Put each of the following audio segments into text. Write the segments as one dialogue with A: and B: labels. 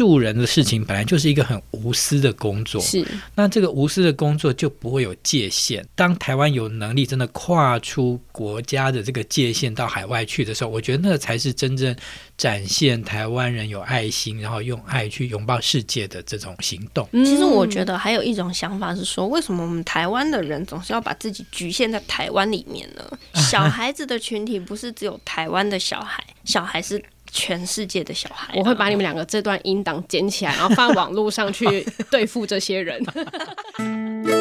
A: 助人的事情本來就是一個很無私的工作，是。那這個無私的工作就不會有界限。當台灣有能力真的跨出國家的這個界限到海外去的時候，我覺得那才是真正展現台灣人有愛心，然後用愛去擁抱世界的這種行動。其實我覺
B: 得還有一種想法是說，為什麼我們台灣的人總是要把自己局限在台灣裡面呢？小孩子的群體不是只有台灣的小孩，小孩是。全世界的小孩、啊，我會把你們兩個這段音檔剪起來，然後放網絡上去對付這些人。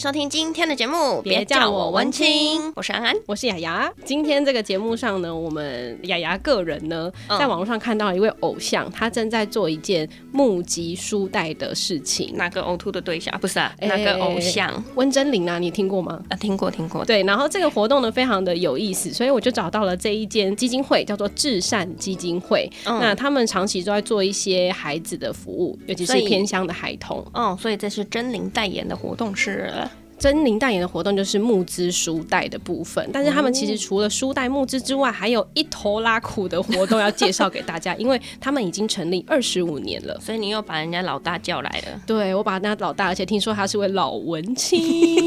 B: 收聽今天的節目，別叫我文青。我，文青，我是安安，我是牙牙。今天這個節目上呢，我們牙牙個人呢，嗯、在網絡上看到一位偶像，他正在做一件募集書袋的事情。哪個嘔吐的對象？不是啊，哪、欸、個偶像？溫貞菱啊，你聽過嗎？啊、呃，聽過，聽過。對，然後這個活動呢，非常的有意思，所以我就找到了這一間基金會，叫做至善基金會。嗯、那他們長期都在做一些孩子的服務，尤其是偏鄉的孩童。哦，所、嗯、所以這是貞菱代言的活動是。貞菱代言的活動就是募資書袋的部分，但是他們其實除了書袋募資之外，還有一頭拉苦的活動要介紹給大家，因為他們已經成立二十五年了，所以你又把人家老大叫來了。對，我把那老大，而且聽說他是位老文青，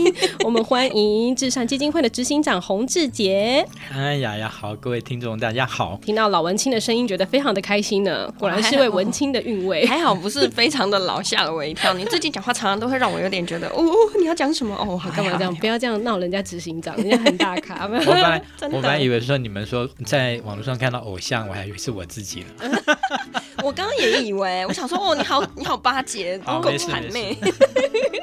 B: 我們歡迎至善基金會的執行長洪志杰。
A: 哎呀呀，好，各位聽眾大家好，
B: 聽到老文青的聲音，覺得非常的開心呢。果然是位文青的韻味。哦，還好，還好不是非常的老，嚇了我一跳。你最近講話常常都會讓我有點覺得，哦，你要講什麼？哦，幹嘛這樣？哎、呀不要這樣鬧人家執行長， 人家很大咖。 我本來的我本來以為
A: 說你們說在網絡上看到偶像，我還以為是我自己呢
B: 我剛剛也以為，我想說哦，你好，你好巴結，夠諂媚。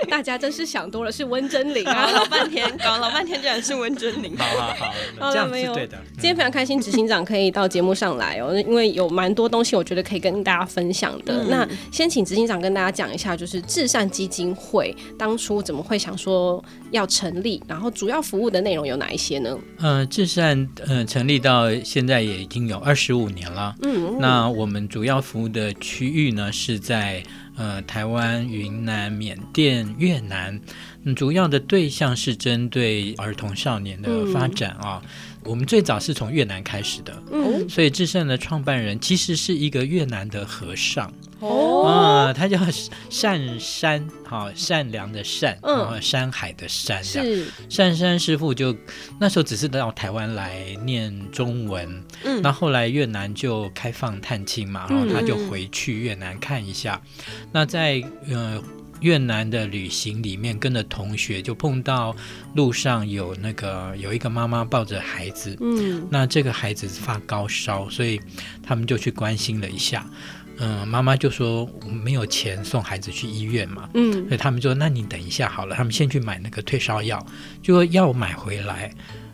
B: 大家真是想多了，是溫貞菱啊，老半天搞老半天，居然 是溫貞菱。好，
A: 好，好， 好啦，這樣是對的，沒有今
B: 天非常開心，執行長可以到節目上來哦、喔，嗯、因為有蠻多東西，我覺得可以跟大家分享的。嗯、那先請執行長跟大家講一下，就是至善基金會當初怎麼會想說要成立，然後主要服務的內容有哪一些呢？嗯、
A: 呃，至善嗯、呃、成立到現在也已經有二十五年了。嗯，那我們主要服務的區域呢是在呃台灣、雲南、緬甸、越南、嗯，主要的對象是針對兒童少年的發展啊。嗯、我們最早是從越南開始的，嗯、所以至善的創辦人其實是一個越南的和尚。哦，啊、哦，他叫善山，哈，善良的善，嗯、然後山海的山這樣。是，善山師傅，就那時候只是到台灣來念中文，那、嗯、後、後來越南就開放探親嘛，然後他就回去越南看一下，嗯嗯那在呃。越南的旅行裡面，跟着同學就碰到路上有那個有一個媽媽抱着孩子，嗯，那這個孩子發高燒，所以他們就去關心了一下。嗯，媽媽就說我沒有錢送孩子去醫院嘛，嗯，所以他們說那你等一下好了，他們先去買那個退燒藥。就說藥買回來，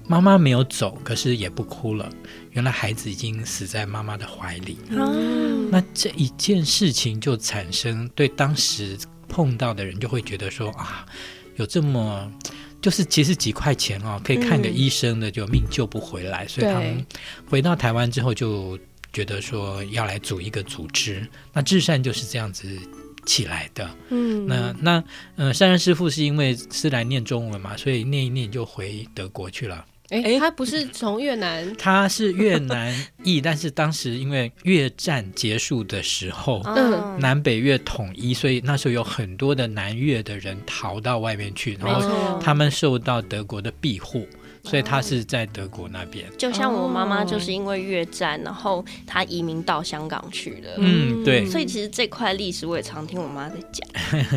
A: 媽媽沒有走，可是也不哭了。原來孩子已經死在媽媽的懷裡。嗯，那這一件事情就產生對當時。碰到的人就會覺得說啊，有這麼就是其實幾塊錢哦，可以看個醫生的，就命救不回來，嗯、所以他們回到台灣之後就覺得說要來組一個組織，那至善就是這樣子起來的。嗯，那那嗯、呃，善人師傅是因為是來念中文嘛，所以念一念就回德國去了。
B: 哎，他不是從越南，
A: 他是越南裔， 但是當時因為越戰結束的時候，哦、南北越統一，所以那時候有很多的南越的人逃到外面去，然後他們受到德國的庇護。所以他是在德國那邊，就像我媽媽就
B: 是因為越戰，哦、然後他移民到香港去了。嗯，對。所以其實這塊歷史我也常聽我媽在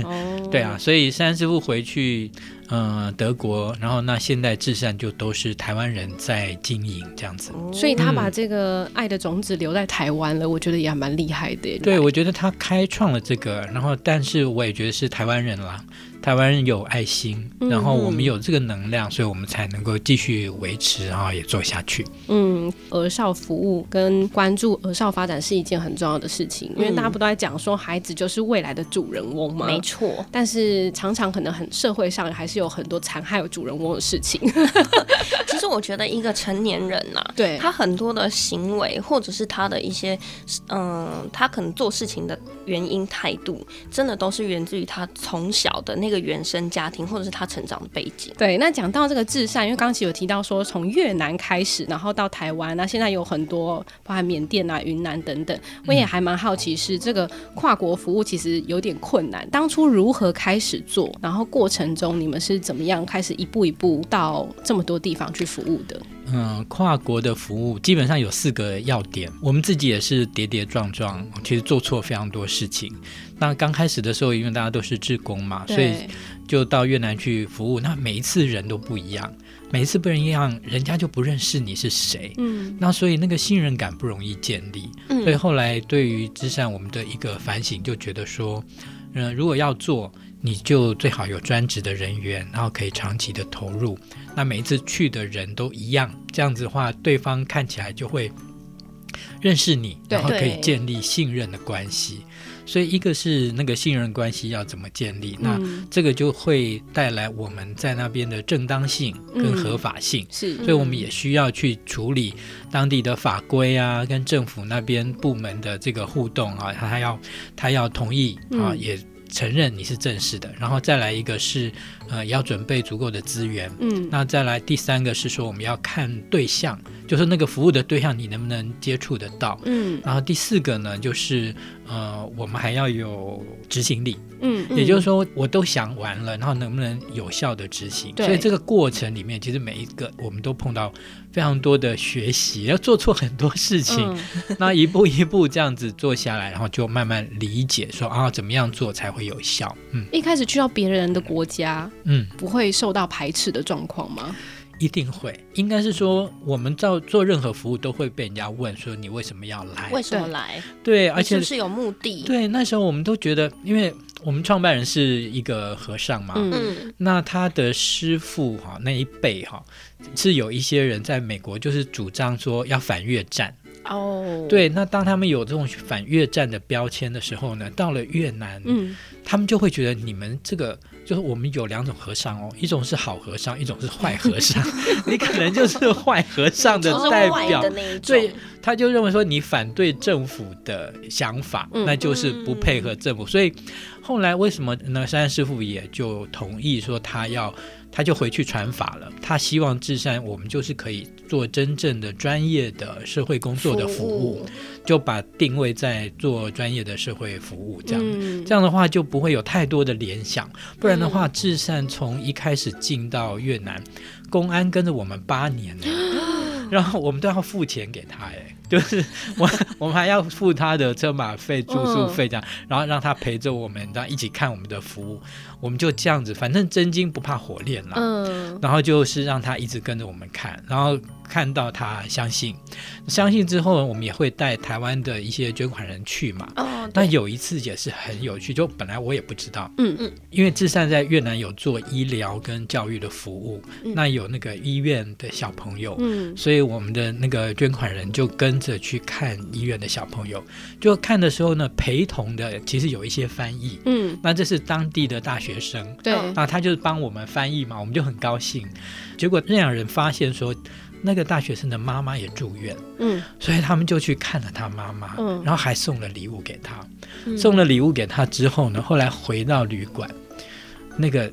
B: 講。
A: 哦， 對啊，所以三師傅回去，嗯、呃，德國，然後那現代至善就都是台灣人在經營這樣子。哦、所以他把
B: 這個愛的種子留在台灣了，我覺得也還蠻厲害
A: 的。對，來我覺得他開創了這個，然後但是我也覺得是台灣人啦。台灣人有愛心，然後我們有這個能量，嗯、所以我們才能夠繼續維持，然後也做下去。嗯，
B: 兒少服務跟關注兒少發展是一件很重要的事情，因為大家不都在講說孩子就是未來的主人翁嗎？嗯、沒錯，但是常常可能很社會上還是有很多殘害主人翁的事情。 其實我覺得一個成年人吶、啊，對他很多的行為，或者是他的一些，嗯，他可能做事情的。原因、態度，真的都是源自於他從小的那個原生家庭，或者是他成長的背景。對，那講到這個至善，因為剛才有提到說，從越南開始，然後到台灣，那現在有很多，包含緬甸啊、雲南等等。我也還蠻好奇是，是、嗯、這個跨國服務其實有點困難，當初如何開始做，然後過程中你們是怎麼樣開始一步一步到這麼多地方去服務的？嗯，
A: 跨國的服務基本上有四個要點，我們自己也是跌跌撞撞，其實做錯非常多事。事情，那剛開始的時候，因為大家都是志工嘛，對所以就到越南去服務。那每一次人都不一樣，每一次不一樣，人家就不認識你是誰。嗯，那所以那個信任感不容易建立。嗯、所以後來對於至善我們的一個反省，就覺得說，嗯、呃，如果要做，你就最好有專職的人員，然後可以長期的投入。那每一次去的人都一樣，這樣子的話，對方看起來就會認識你，然後可以建立信任的關係。所以，一個是那個信任關係要怎麼建立，那這個就會帶來我們在那邊的正當性跟合法性。嗯、是，嗯、所以我們也需要去處理當地的法規啊，跟政府那邊部門的這個互動啊，他要他要同意啊，嗯、也承認你是正式的。然後再來一個是呃，要準備足夠的資源。嗯，那再來第三個是說，我們要看對象，就是那個服務的對象，你能不能接觸得到？嗯，然後第四個呢，就是。呃，我們還要有執行力，嗯，嗯也就是說，我都想完了，然後能不能有效的執行？對所以這個過程裡面，其實每一個我們都碰到非常多的學習，要做錯很多事情，那、嗯、一步一步這樣子做下來，然後就慢慢理解說 啊，怎麼樣做才會有效？嗯，
B: 一開始去到別人的國家，嗯，不會受到排斥的狀況嗎？
A: 一定會，應該是說，我們在做、嗯、做任何服務都會被人家問說：“你為什麼要來？
B: 為什麼來？”對，而且是不是
A: 有目的？對，那時候我們都覺得，因為我們創辦人是一個和尚嘛，嗯，那他的師傅哈、哦、那一輩哈、哦、是有一些人在美國就是主張說要反越戰哦，對。那當他們有這種反越戰的標籤的時候呢，到了越南，嗯，他們就會覺得你們這個。就是我們有兩種和尚哦，一種是好和尚，一種是壞和尚。 你可能就是壞和尚的代表，對他就認為說你反對政府的想法，嗯、那就是不配合政府。嗯、所以後來為什麼呢？山師傅也就同意說他要。他就回去傳法了。他希望至善，我們就是可以做真正的專業的社會工作的服務，服務就把定位在做專業的社會服務這樣。嗯、這樣的話就不會有太多的聯想。
B: 不然的話，
A: 至善從一開始進到越南，嗯、公安跟着我們八年了， 然後我們都要付錢給他哎。就是我，我們還要付他的車馬費、住宿費這樣，然後讓他陪着我們，然後一起看我們的服務。我們就這樣子，反正真金不怕火煉嘛。嗯。然後就是讓他一直跟着我們看，然後看到他相信，相信之後，我們也會帶台灣的一些捐款人去嘛。哦。但有一次也是很有趣，就本來我也不知道。嗯嗯。因為至善在越南有做醫療跟教育的服務，那有那個醫院的小朋友。嗯。所以我們的那個捐款人就跟。者去看醫院的小朋友，就看的時候呢，陪同的其實有一些翻譯，嗯，那這是當地的大學生，對，那他就是幫我們翻譯嘛，我們就很高興。結果那兩人發現說，那個大學生的媽媽也住院，嗯，所以他們就去看了他媽媽，嗯，然後還送了禮物給他，送了禮物給他之後呢，後來回到旅館，那個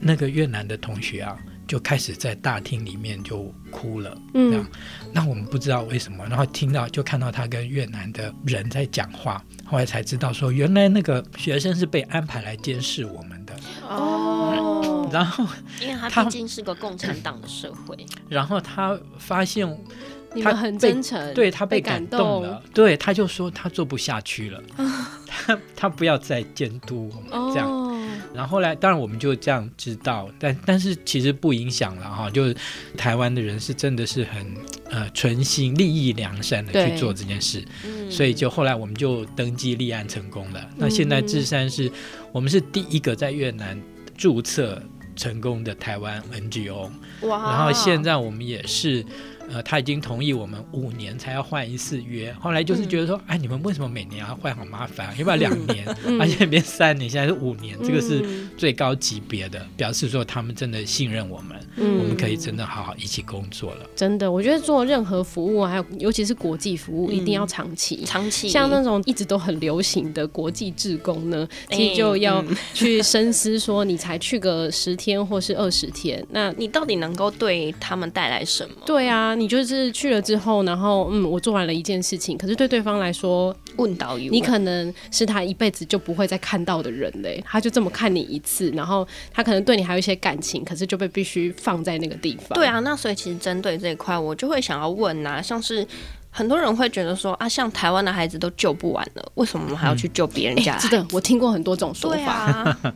A: 那個越南的同學啊，就開始在大廳裡面就哭了。嗯，那我們不知道為什麼，然後聽到就看到他跟越南的人在講話，後來才知道說，原來那個學生是被安排來監視我們的。
B: 哦，然後因為他畢竟是個共產黨的社會，
A: 然後他發現他你們很真誠，對他被感動了，動對他就說他做不下去了，哦、他他不要再監督我們、哦、這樣。然後後來，當然我們就這樣知道，但但是其實不影響了哈，就是台灣的人是真的是很呃純心、立意良善的去做這件事，嗯、所以就後來我們就登記立案成功了。嗯、那現在至善是我們是第一個在越南註冊成功的台灣 NGO，哇哦，然後現在我們也是。呃，他已經同意我們五年才要換一次約，後來就是覺得說，嗯、哎，你們為什麼每年要換，好麻煩、啊，要不要兩年？ 而且那邊三年，現在是五年，這個是最高級別的，嗯、表示說他們真的信任我們。嗯，我們可以真的好好一起工作了，
B: 嗯。真的，我覺得做任何服務，還有尤其是國際服務，嗯、一定要長期、長期。像那種一直都很流行的國際志工呢，欸、其實就要去深思：說你才去個十天或是二十天，嗯、那你到底能夠對他們帶來什麼？對啊，你就是去了之後，然後嗯，我做完了一件事情，可是對對方來說，問導遊，你可能是他一輩子就不會再看到的人嘞。他就這麼看你一次，然後他可能對你還有一些感情，可是就被必須。放在那個地方，對啊，那所以其實針對這一塊，我就會想要問啊，像是很多人會覺得說啊，像台灣的孩子都救不完了，為什麼我們還要去
A: 救別人家？是
B: 的、嗯、欸，我聽過很多這種說法、啊、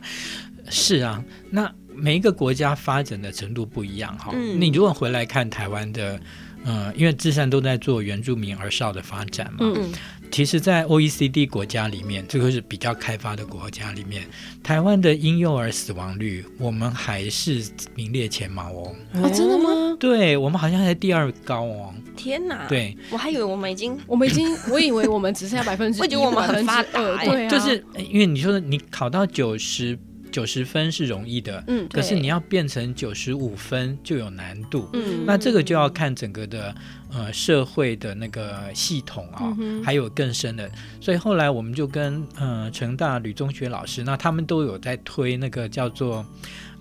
A: 是啊，那每一個國家發展的程度不一樣哈、哦。嗯，那你如果回來看台灣的，嗯、呃，因為至善都在做原住民兒少的發展嘛。嗯，嗯。其實，在 O E C D 國家裡面，這個是比較開發的國家裡面，台灣的嬰幼兒死亡率，我們還是名列前茅哦。哦，真的嗎？對，我們好像還在第二高哦。
B: 天哪！對，我還以為我們已經，我們已經， 我以為我們只剩下百分之， 我覺得我們很發達，對啊。就是
A: 因為你說你考到九十，九十分是容易的，嗯，可是你要變成九十五分就有難度，嗯，那這個就要看整個的呃社會的那個系統啊、哦、嗯、哼還有更深的。所以後來我們就跟呃成大呂中學老師，那他們都有在推那個叫做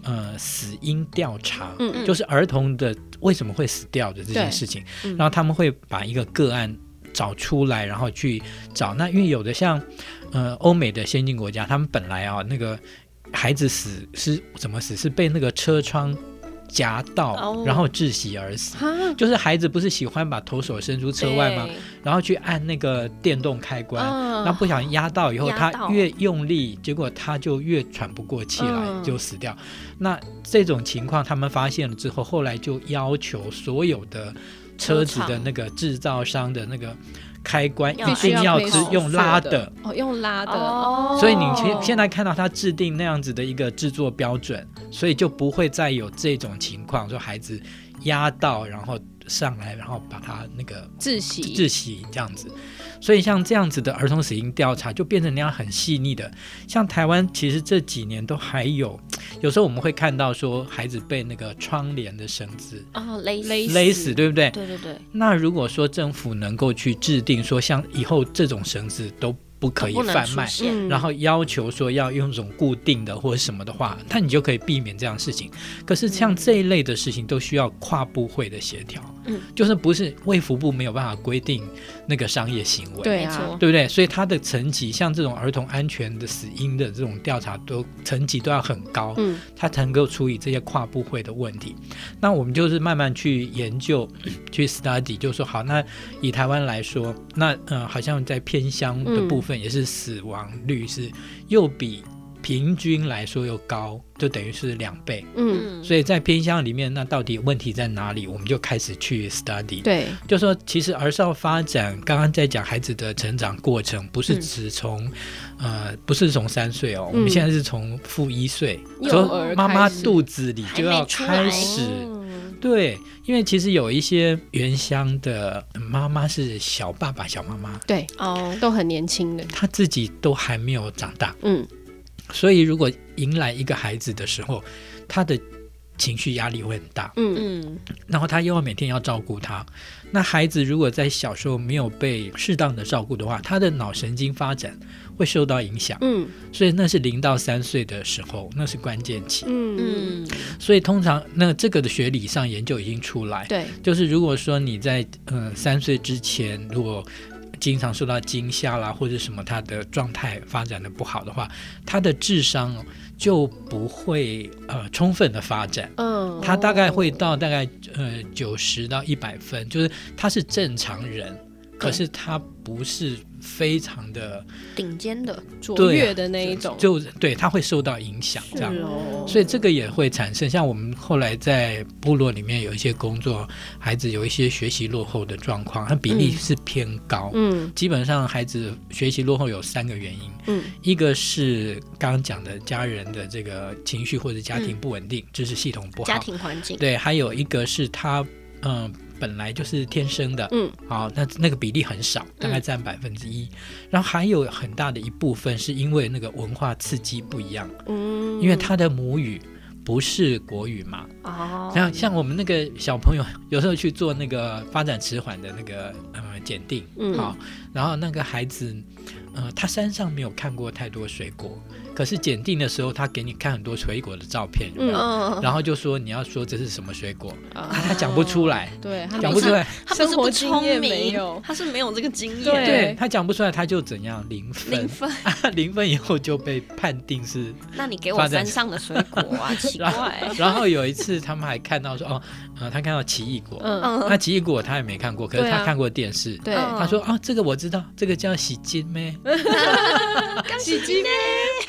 A: 呃死因調查，嗯嗯，就是兒童的為什麼會死掉的這件事情，嗯、然後他們會把一個個案找出來，然後去找那因為有的像呃歐美的先進國家，他們本來啊、哦、那個。孩子死是怎麼死？是被那個車窗夾到，oh. 然後窒息而死。Huh? 就是孩子不是喜歡把頭手伸出車外嗎？對然後去按那個電動開關，那、uh, 不小心壓到以後，倒他越用力，結果他就越喘不過氣來，uh. 就死掉。那這種情況，他們發現了之後，後來就要求所有的車子的那個製造商的那個。開關一定要是用拉的，拉的
B: 哦，用拉的，哦、oh，所以你現現
A: 在看到他制定那樣子的一個制作標準，所以就不會再有這種情況，說孩子壓到，然後。上來，然後把他那個窒息、窒息這樣子，所以像這樣子的兒童死因調查就變成那樣很細膩的。像台灣，其實這幾年都還有，嗯、有時候我們會看到說孩子被那個窗簾的繩子
B: 啊勒勒勒死，對不對？對對對。
A: 那如果說政府能夠去制定說，像以後這種繩子都。不可以販賣，然後要求說要用這種固定的或者什麼的話，嗯、那你就可以避免這樣的事情。可是像這一類的事情，都需要跨部會的協調，嗯，就是不是衛福部沒有辦法規定那個商業行為，對啊，對不對？所以他的層級，像這種兒童安全的死因的這種調查都，都層級都要很高，嗯，他才能夠處理這些跨部會的問題。那我們就是慢慢去研究，去 study，就說好，那以台灣來說，那嗯、呃，好像在偏鄉的部分。嗯也是死亡率是又比平均來說又高，就等於是兩倍。嗯，所以在偏鄉裡面，那到底問題在哪裡？我們就開始去 study。對，就是說其實兒少發展，剛剛在講孩子的成長過程，不是只從、嗯、呃，不是從三歲哦，嗯、我們現在是從負一歲，從媽媽肚子裡就要開始，開始。開始對，因為其實有一些原鄉的媽媽是小爸爸、小媽媽，
B: 對，哦，都很年輕的，
A: 他自己都還沒有長大，嗯，所以如果迎來一個孩子的時候，他的。情緒壓力會很大，嗯嗯，嗯，然後他又要每天要照顧他，那孩子如果在小時候沒有被適當的照顧的話，他的腦神經發展會受到影響，嗯，所以那是零到三歲的時候，那是關鍵期，嗯嗯，所以通常那這個的學理上研究已經出來，對，就是如果說你在嗯，三歲之前如果經常受到驚嚇啦，或者什麼，他的狀態發展的不好的話，他的智商就不會呃充分的發展。他大概會到大概呃九十到一百分，就是他是正常人。對，可是他不是非常的頂
B: 尖的卓越的那一
A: 種，對，就對他會受到影響，這樣，哦、所以這個也會產生。像我們後來在部落裡面有一些工作，孩子有一些學習落後的狀況，他比例是偏高。嗯，基本上孩子學習落後有三個原因，嗯，一個是剛剛講的家人的這個情緒或者家庭不穩定，嗯、就是系統不好，家
B: 庭環境。對，
A: 還有一個是他嗯。呃本來就是天生的，嗯，好、哦，那那個比例很少，大概佔百分之一，嗯、然後還有很大的一部分是因為那個文化刺激不一樣，嗯，因為他的母語不是國語嘛，哦，像像我們那個小朋友，有時候去做那個發展遲緩的那個呃檢定，哦、嗯，好，然後那個孩子，嗯、呃，他山上沒有看過太多水果。可是鑑定的時候，他給你看很多水果的照片，然後就說你要說這是什麼水果，他講不出來，
B: 對，講不出來，生活經驗沒有，他是沒有這個經驗，對，
A: 他講不出來，他就怎樣零分，零分，零分以後就被判定是那你給我山上的水果啊，奇怪。然後有一次他們還看到說，哦，他看到奇異果，嗯，那奇異果他也沒看過，可是他看過電視，對，他說啊，這個我知道，這個叫喜金咩？」「喜金咩？」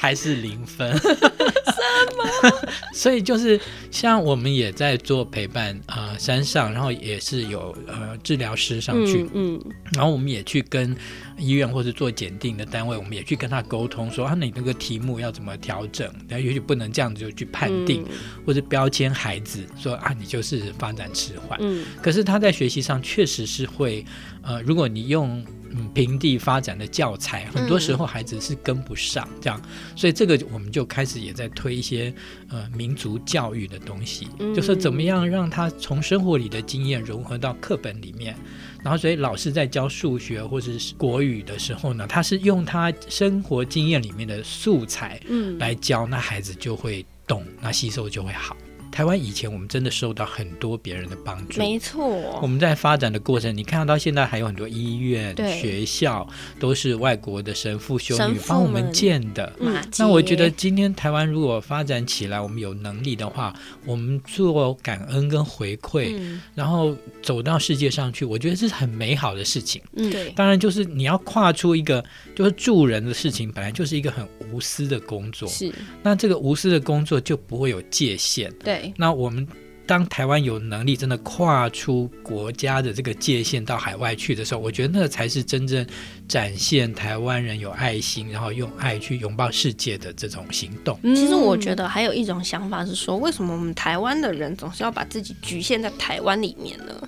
A: 還是零分 是嗎？ 所以就是像我們也在做陪伴啊、呃，山上，然後也是有呃治療師上去，嗯，嗯，然後我們也去跟醫院或者做鑑定的單位，我們也去跟他溝通說啊，你那個題目要怎麼調整？但也許不能這樣子就去判定，嗯、或者標籤孩子說啊，你就是發展遲緩，嗯，可是他在學習上確實是會呃，如果你用。嗯，平地發展的教材，很多時候孩子是跟不上，這樣，嗯、所以這個我們就開始也在推一些呃民族教育的東西，就是怎麼樣讓他從生活裡的經驗融合到課本裡面，然後所以老師在教數學或者是國語的時候呢，他是用他生活經驗裡面的素材，嗯，來教，嗯、那孩子就會懂，那吸收就會好。台灣以前，我們真的受到很多別人的幫助沒
B: 錯、哦。沒錯，我們
A: 在發展的過程，你看到現在還有很多醫院對、學校都是外國的神父、修女幫我們建的。嗯、那我覺得，今天台灣如果發展起來，我們有能力的話，嗯、我們做感恩跟回饋，嗯、然後走到世界上去，我覺得這是很美好的事情。對、嗯，當然就是你要跨出一個，就是助人的事情，本來就是一個很無私的工作。是，那這個無私的工作就不會有界限。對。那我們當台灣有能力真的跨出國家的這個界限到海外去的時候，我覺得那才是真正展現台灣人有愛心，然後用愛去擁抱世界的這種行動。其實我覺
B: 得還有一種想法是說，為什麼我們台灣的人總是要把自己局限在台灣裡面呢？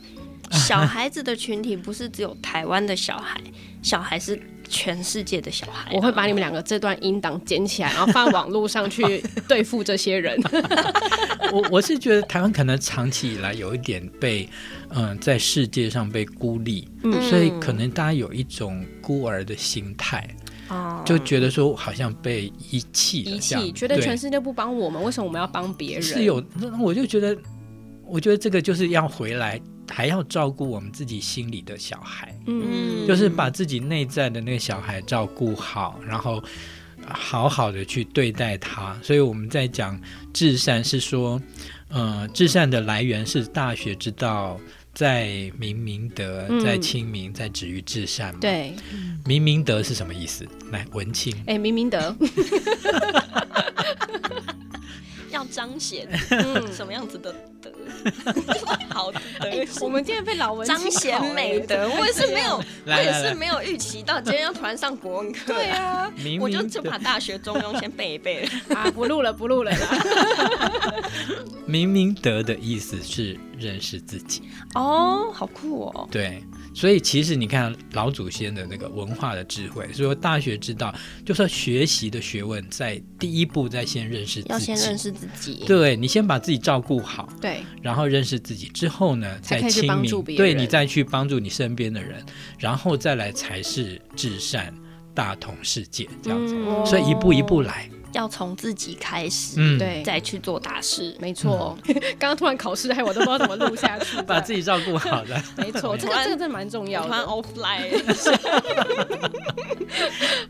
B: 小孩子的群體不是只有台灣的小孩，小孩是。全世界的小孩。啊，我會把你們兩個這段音檔剪起來，然後放網絡上去對付這些人。
A: 我 我是覺得台灣可能長期以來有一點被，嗯，在世界上被孤立，嗯、所以可能大家有一種孤兒的心態，嗯、就覺得說好像被遺棄，遺棄棄，像覺得全世
B: 界不幫我們，對為什麼我們要幫別人？是有，
A: 那我就覺得，我覺得這個就是要回來。還要照顧我們自己心裡的小孩，嗯，就是把自己內在的那個小孩照顧好，然後好好的去對待他。所以我們在講至善是說，呃，至善的來源是大學之道，在明明德，在親民，嗯、在止於至善嘛。對，明明德是什麼意思？來，文青，
B: 哎，明明德。 要彰顯、嗯、什麼樣子的德？好，我們今天被老文彰顯美德，我也是沒有，樣我也是沒有預期到今天要突然上國文課。 對呀、啊，明明我就就把《大學中庸》先背一背。啊，不錄了，不錄了
A: 啦。 明明德的意思是認識自己
B: 哦，好酷哦。
A: 對，所以其實你看老祖先的那個文化的智慧，所以《大學》之道，就是學習的學問，在第一步在先認識自己。要先認識
B: 自己。自。對，
A: 你先把自己照顧好，對，然後認識自己之後呢，再親民，對，你再去幫助你身邊的人，然後再來才是至善大同世界這樣子，嗯哦、所以一步一步來。
B: 要從自己開始，對，再去做大事，嗯。沒錯，剛剛、嗯、突然考試，哎，我都不知道怎麼錄下去。
A: 把自己照顧好的沒錯，這個這
B: 個真的蠻重要的。offline。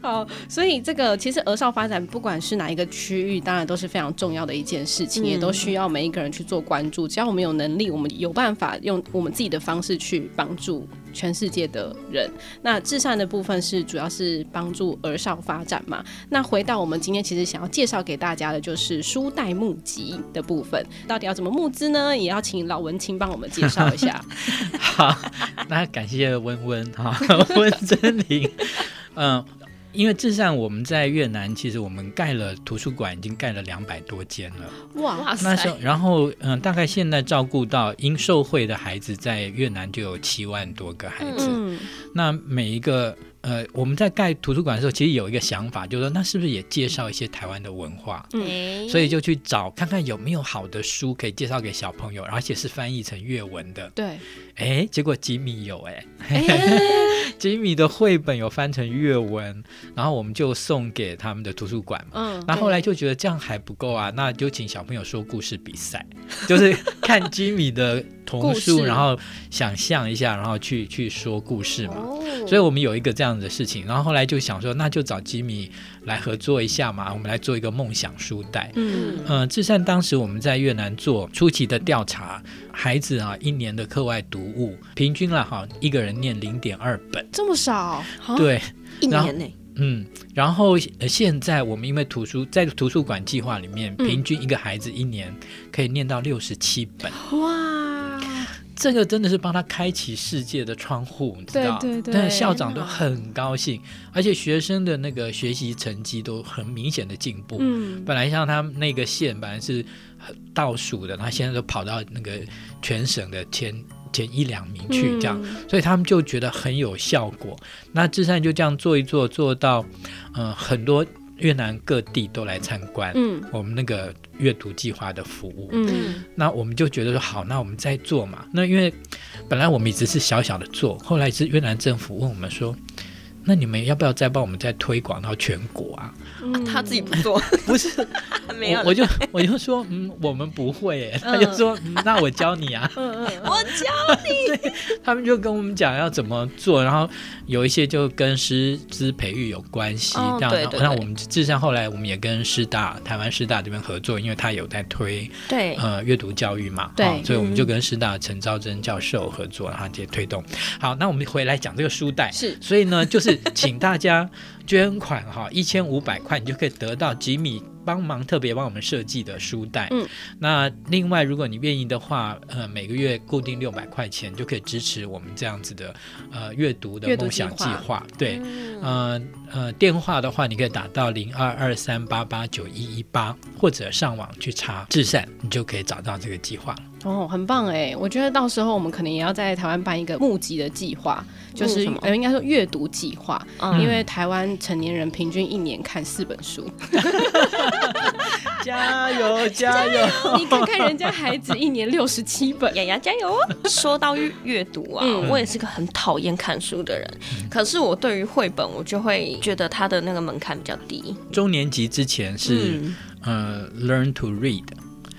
B: 好，所以這個其實兒少發展，不管是哪一個區域，當然都是非常重要的一件事情，嗯、也都需要每一個人去做關注。只要我們有能力，我們有辦法，用我們自己的方式去幫助。全世界的人，那至善的部分是主要是幫助兒少發展嘛？那回到我們今天其實想要介紹給大家的就是書袋募集的部分，到底要怎麼募資呢？也要請老文青幫我們介紹一下。 好，
A: 那感謝溫溫哈溫貞菱，嗯。因為至善我們在越南，其實我們蓋了圖書館，已經蓋了兩百多間了。
B: 哇塞，那時候，
A: 然後，嗯，大概現在照顧到因受惠的孩子，在越南就有七萬多個孩子。嗯嗯那每一個。呃，我們在蓋圖書館的時候，其實有一個想法，就是說，那是不是也介紹一些台灣的文化？嗯，所以就去找看看有沒有好的書可以介紹給小朋友，而且是翻譯成越文的。對誒，結果吉米有哎，吉米誒 的繪本有翻成越文，然後我們就送給他們的圖書館嘛。嗯，然後後來就覺得這樣還不夠啊，對那就請小朋友說故事比賽，就是看吉米的。 童書，事然後想象一下，然後去去說故事嘛。哦、所以我們有一個這樣子的事情。然後後來就想說，那就找吉米來合作一下嘛。我們來做一個夢想書袋。嗯嗯，至善、呃、當時我們在越南做初期的調查，孩子啊一年的課外讀物平均了哈、啊，一個人念零點二本，這
B: 麼少？對，哦、然後一年
A: 嗯，然後現在我們因為圖書在圖書館計划裡面，平均一個孩子一年可以念到六十七本。嗯、哇！這個真的是幫他開啟世界的窗戶，你知道？但對對，對但是校長都很高興，嗯、而且學生的那個學習成績都很明顯的進步。嗯、本來像他那個縣本來是倒數的，他現在都跑到那個全省的前前一兩名去，這樣，嗯、所以他們就覺得很有效果。那至善就這樣做一做，做到嗯、呃、很多。越南各地都來參觀我們那個閱讀計劃的服務，嗯、那我們就覺得說好，那我們再做嘛。那因為本來我們一直是小小的做，後來是越南政府問我們說。那你們要不要再幫我們再推廣到全國啊？他自己不做，不是，沒有，我就我就說，嗯，我們不會，他就說，那我教你啊，我教你。他們就跟我們講要怎麼做，然後有一些就跟師資培育有關係，這樣，那我們至少後來我們也跟師大台灣師大這邊合作，因為他有在推，對，呃，閱讀教育嘛，對，所以我們就跟師大陳昭真教授合作，然後直接推動。好，那我們回來講這個書袋，是，所以呢，就是。 請大家捐款哈、哦，一千五百塊你就可以得到吉米幫忙特別幫我們設計的書袋。嗯、那另外如果你願意的話，呃，每個月固定六百塊錢，你就可以支持我們這樣子的呃閱讀的夢想計劃。計劃。對，嗯、呃，呃，電話的話你可以打到零二二三八八九一一八，8, 或者上網去查至善，你就可以找到這個計劃。
B: 哦，很棒哎！我覺得到時候我們可能也要在台灣辦一個募集的計劃，嗯、就是什麼？應該說閱讀計劃，嗯、因為台灣成年人平均一年看四本書。 加油加油，加油！你看看人家孩子一年六十七本，呀呀，加油！ 說到閱讀啊，嗯、我也是個很討厭看書的人，嗯、可是我對於繪本，我就會覺得他的那個門檻比較低。
A: 中年級之前是、嗯、呃，learn to read。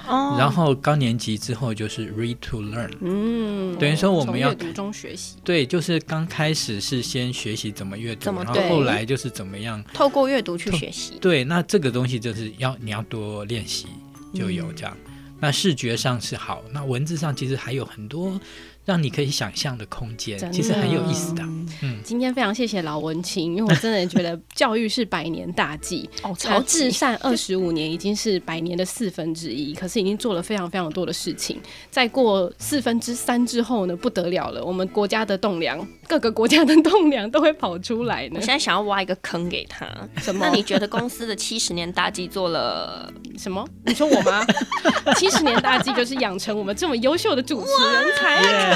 A: 然後高年級之後就是 read to learn，嗯，等於說我們要讀中學習，對，就是剛開始是先學習怎麼閱讀，然後後來就是怎麼樣
B: 透過閱讀去學習，
A: 對，那這個東西就是要你要多練習就有這樣，嗯，那視覺上是好，那文字上其實還有很多。讓你可以想象的空間，的其實很有意思的。嗯，
B: 今天非常謝謝老文青，因為我真的覺得教育是百年大計。哦，曹至善二十五年已經是百年的四分之一， 可是已經做了非常非常多的事情。再過四分之三之後呢，不得了了，我們國家的棟梁，各個國家的棟梁都會跑出來呢。我現在想要挖一個坑給他。什麼？那你覺得公司的七十年大計做了什麼？你說我嗎？七十 年大計就是養成我們這麼優秀的主持人才。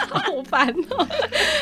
B: 好煩哦。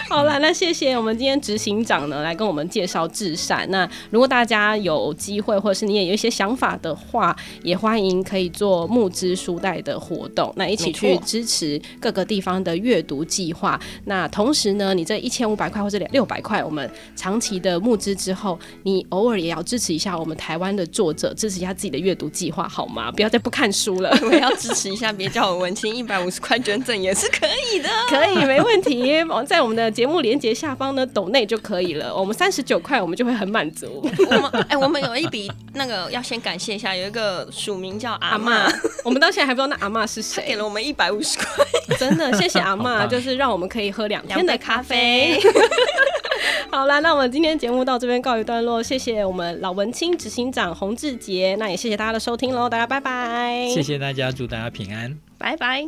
B: 好了，那謝謝我們今天執行長呢，來跟我們介紹至善。那如果大家有機會，或者是你也有一些想法的話，也歡迎可以做募資書袋的活動，那一起去支持各個地方的閱讀計劃。沒錯。那同時呢，你這一千五百塊或者六百塊，我們長期的募資之後，你偶爾也要支持一下我們台灣的作者，支持一下自己的閱讀計劃，好嗎？不要再不看書了。我也要支持一下，別叫我文青，一百五十塊捐贈也是可以的， 可以沒？沒問題，往在我們的節目連接下方呢，抖內就可以了。我們三十九塊，我們就會很滿足。我們哎、欸，我們有一筆那個要先感謝一下，有一個署名叫阿媽，我們到現在還不知道那阿媽是誰，給了我們一百五十塊，真的謝謝阿媽，棒就是讓我們可以喝兩天的咖啡。咖啡 好啦，那我們今天節目到這邊告一段落，謝謝我們老文青執行長洪志杰，那也謝謝大家的收聽嘍，大家拜拜，謝謝
A: 大家，祝大家平安，
B: 拜拜。